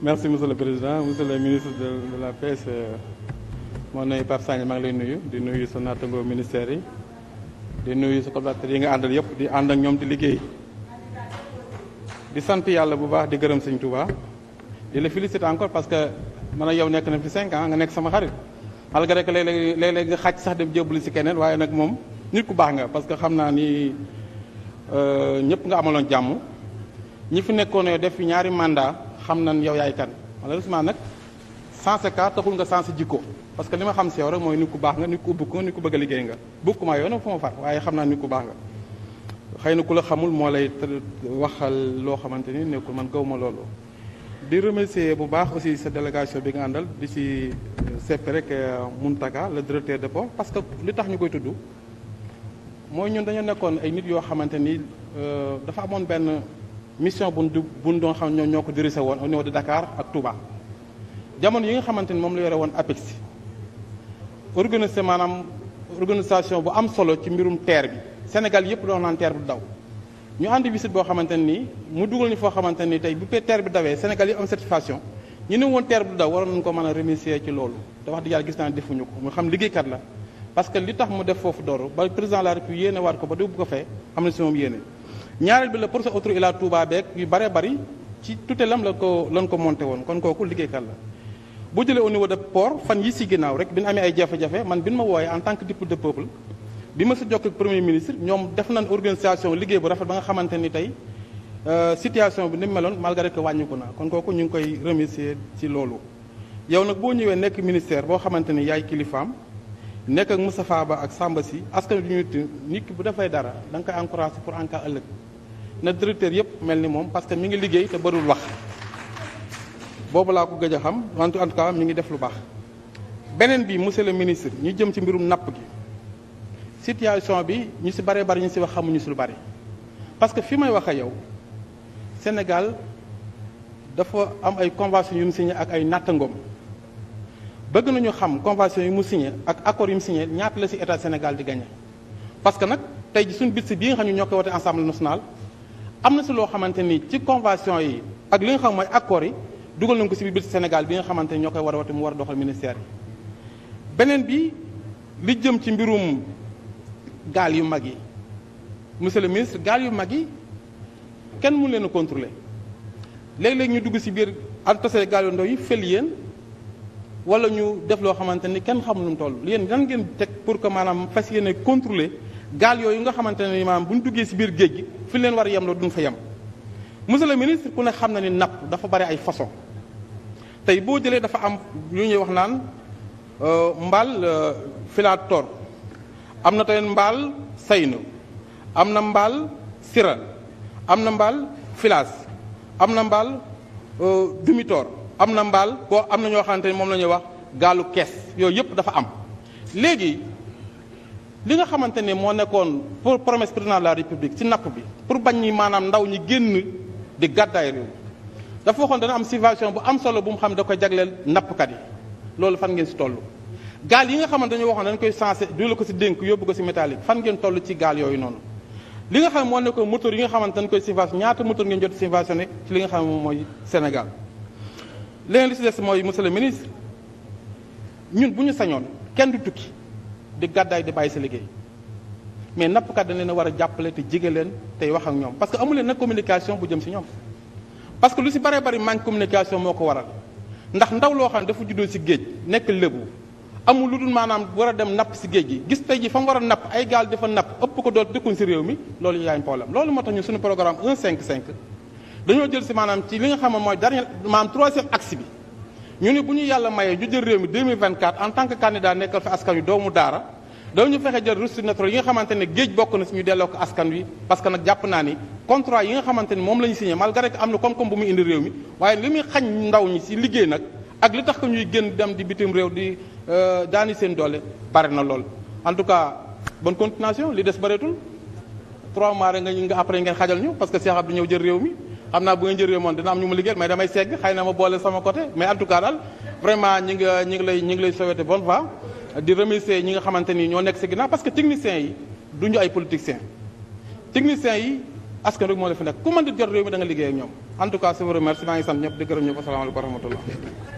merci monsieur président monsieur le de de la pêche euh, moo nuyu Pape Sagna maa ngi lay nuyu di nuyu sa nattangoo ministère yi di nuyu sa collaborateur yi nga àndal yëpp di ànd ak ñoom di liggéey di sant yàlla bu baax di gërëm sëñ Touba di la féliciter encore parce que man ak yow nekk na fi cinq ans nga nekk sama xarit malgré que léeg-léeg léeg-léeg dem jébbalu si keneen waaye nag moom nit ku baax nga parce que xam naa nii euh, ñëpp nga amaloon jàmm ñi fi nekkoon def fi ñaari mandat xam nañ yow yaay kan malheureusement nag sensé ka taxul nga sensé jikko parce que li ma xam si yow rek mooy nit ku baax nga nit ku ko nga nit ku bëgg a liggéey nga bokkuma yow fu ma far waaye xam naa nit ku baax nga xëy na ku la xamul moo lay waxal loo xamante ni nekkul man gaw ma loolu di remercier bu baax aussi sa délégation bi nga àndal di si euh, sepp rek euh, Muntaga le directeur de port parce que li tax ñu koy tudd mooy ñun dañoo nekkoon ay nit yoo xamante ni euh, dafa amoon benn mission bu nu bu nu doon xam ñoom ñoo ko dirigé woon au niveau de Dakar ak Touba. jamono yi nga xamante ni moom la yore woon APEX organisé maanaam organisation bu am solo ci mbirum TER bi Sénégal yëpp doon naan TER bu daw. ñu àndi visite boo xamante nii mu dugal ñu foo xamante ni tey bu pee TER bi dawee Sénégal yi am certification ñu ne woon TER bu daw waroon nañu ko mën a remercier ci loolu te wax dëgg yàlla gis naa defuñu ko mu xam liggéeykat la. li tax mu def foofu dooru ba président de la République yéene ko ba déglu na si ñaareel bi la pour sa autre ila Touba beeg yu bare bari ci tutelam la ko lan ko monté woon kon kooku liggéeykat la bu jëlee au niveau de port fan yi si ginnaaw rek bi ñu amee ay jafe man bi ñu ma wooyee en tant que député de peuple bi ma si jokk ak premier ministre ñoom def nañ organisation liggéey bu rafet ba nga xamante ni tey euh, situation bi ni meloon malgré que wàññiku na kon kooku ñu ngi koy remercier ci loolu. yow nag boo ñëwee nekk ministère boo xamante ni yaay kilifaam nekk ak Moustapha Ba ak Samba si askan bi ñu nit ki bu defay dara da nga koy encouragé pour en ëllëg. na directeur yëpp mel ni moom parce que mi ngi liggéey te bërul wax boobu laa ko gëj a xam en tout cas mi ngi def lu baax. beneen bi monsieur le ministre ñu jëm ci mbirum napp gi situation bi ñu si baree bari ñu si wax xamuñu si lu bari parce que fi may wax ak yow Sénégal dafa am ay convention yu mu signé ak ay nattangoom bëgg nañu xam convention yu mu signé ak accord yu mu signé ñaata la si état Sénégal di gagné parce que nag tey ji suñu bit bii nga xam ne ñoo koy wote ensemble national am na si loo xamante ni ci convention yi ak li nga xam mooy accords yi dugal nañ ko si biir Sénégal bi nga xamante ni ñoo koy war a wati mu war a doxal ministère yi beneen bi li jëm ci mbirum gaal yu mag yi monsieur le ministre gaal yu mag yi kenn mënu leen a contrôler léeg-léeg ñu dugg si biir ak tasee gaal yu ndaw yi fël yéen wala ñu def loo xamante ni kenn xamul lu mu toll yéen nan ngeen teg pour que maanaam fas yéene contrôler gaal yooyu nga xamante ne maanaam bu ñu duggee si biir géej gi fi leen war a yem la duñ fa yem monsieur le ministre ku ne xam na ni napp dafa bari ay façon tey boo jëlee dafa am lu ñuy wax naan euh, mbaal euh, filator am na tey mbaal saynu am na mbaal siral am na mbaal filaas am na mbaal euh, dumitor am na mbaal boo am na ñoo waxante ni moom la ñuy wax gaalu kees yooyu yëpp dafa am léegi li nga xamante ne moo nekkoon pour promesse président de la république ci napp bi pour bañ ñi maanaam ndaw ñi génn di gàddaay réew dafa waxoon dana am subvention bu am solo bu mu xam da koy jagleel nappkat yi loolu fan ngeen si toll gaal yi nga xamante dañu waxoon dañ koy sensé du la ko si dénk yóbbu ko si métallique fan ngeen toll ci gaal yooyu noonu li nga xam moo nekkoon moteur yi nga xamante dañ koy subvention ñaata moteur ngeen jot subventionné ci li nga xam moom mooy Sénégal li si des mooy monsieur le ministre ñun bu ñu sañoon kenn du tukki di gàddaay di bàyyi sa liggéey mais nappkat dañ leen a war a jàppale te jige leen tey wax ak ñoom parce que amu leen nag communication bu jëm si ñoom parce que lu si bare bari manque communication moo ko waral ndax ndaw loo xam ne dafa juddoo si géej nekk lébu amul lu dul maanaam war a dem napp si géej gi gis tey ji fa mu war a napp ay gaal dafa napp ëpp ko dool dëkkuñ si réew mi loolu yaay problème loolu moo tax ñu suñu programme 155 dañoo jël si maanaam ci li nga xam ne mooy dernier maanaam troisième bi ñu ni bu ñu yàlla mayee ñu jël réew mi 2024 en tant que candidat nekkal fa askan wi doomu daara dañu fexe jël ressources naturelles yi nga xamante ne géej bokk na si ñu delloo ko askan wi parce que nag jàpp naa ni contrat yi nga xamante ni moom la si signé malgré que am na koom-koom bu muy indi réew mi waaye li muy xañ ndaw ñi si liggéey nag ak li tax que ñuy gën dem di bitim réew di euh, daani seen doole bare na lool en tout cas bonne continuation li des bareetul trois mois rek nga après xajal ñu parce que Cheikh Abdou ñëw jël réew mi xam naa bu ngeen jëree moom dina am ñu ma liggéeyal mais damay segg xëy na ma boole sama côté mais en tout cas daal vraiment ñi nga ñi ngi lay ñi ngi lay souhaiter bonne voie ñi nga xamante ni ñoo nekk si ginnaaw parce que techniciens yi du ñu ay politiciens techniciens yi askan rek moo la nekk ku mën di jot réew mi da liggéey ak ñoom en tout cas je maa ngi sant ñëpp di gërëm ñëpp asalaamaaleykum wa rahmatullah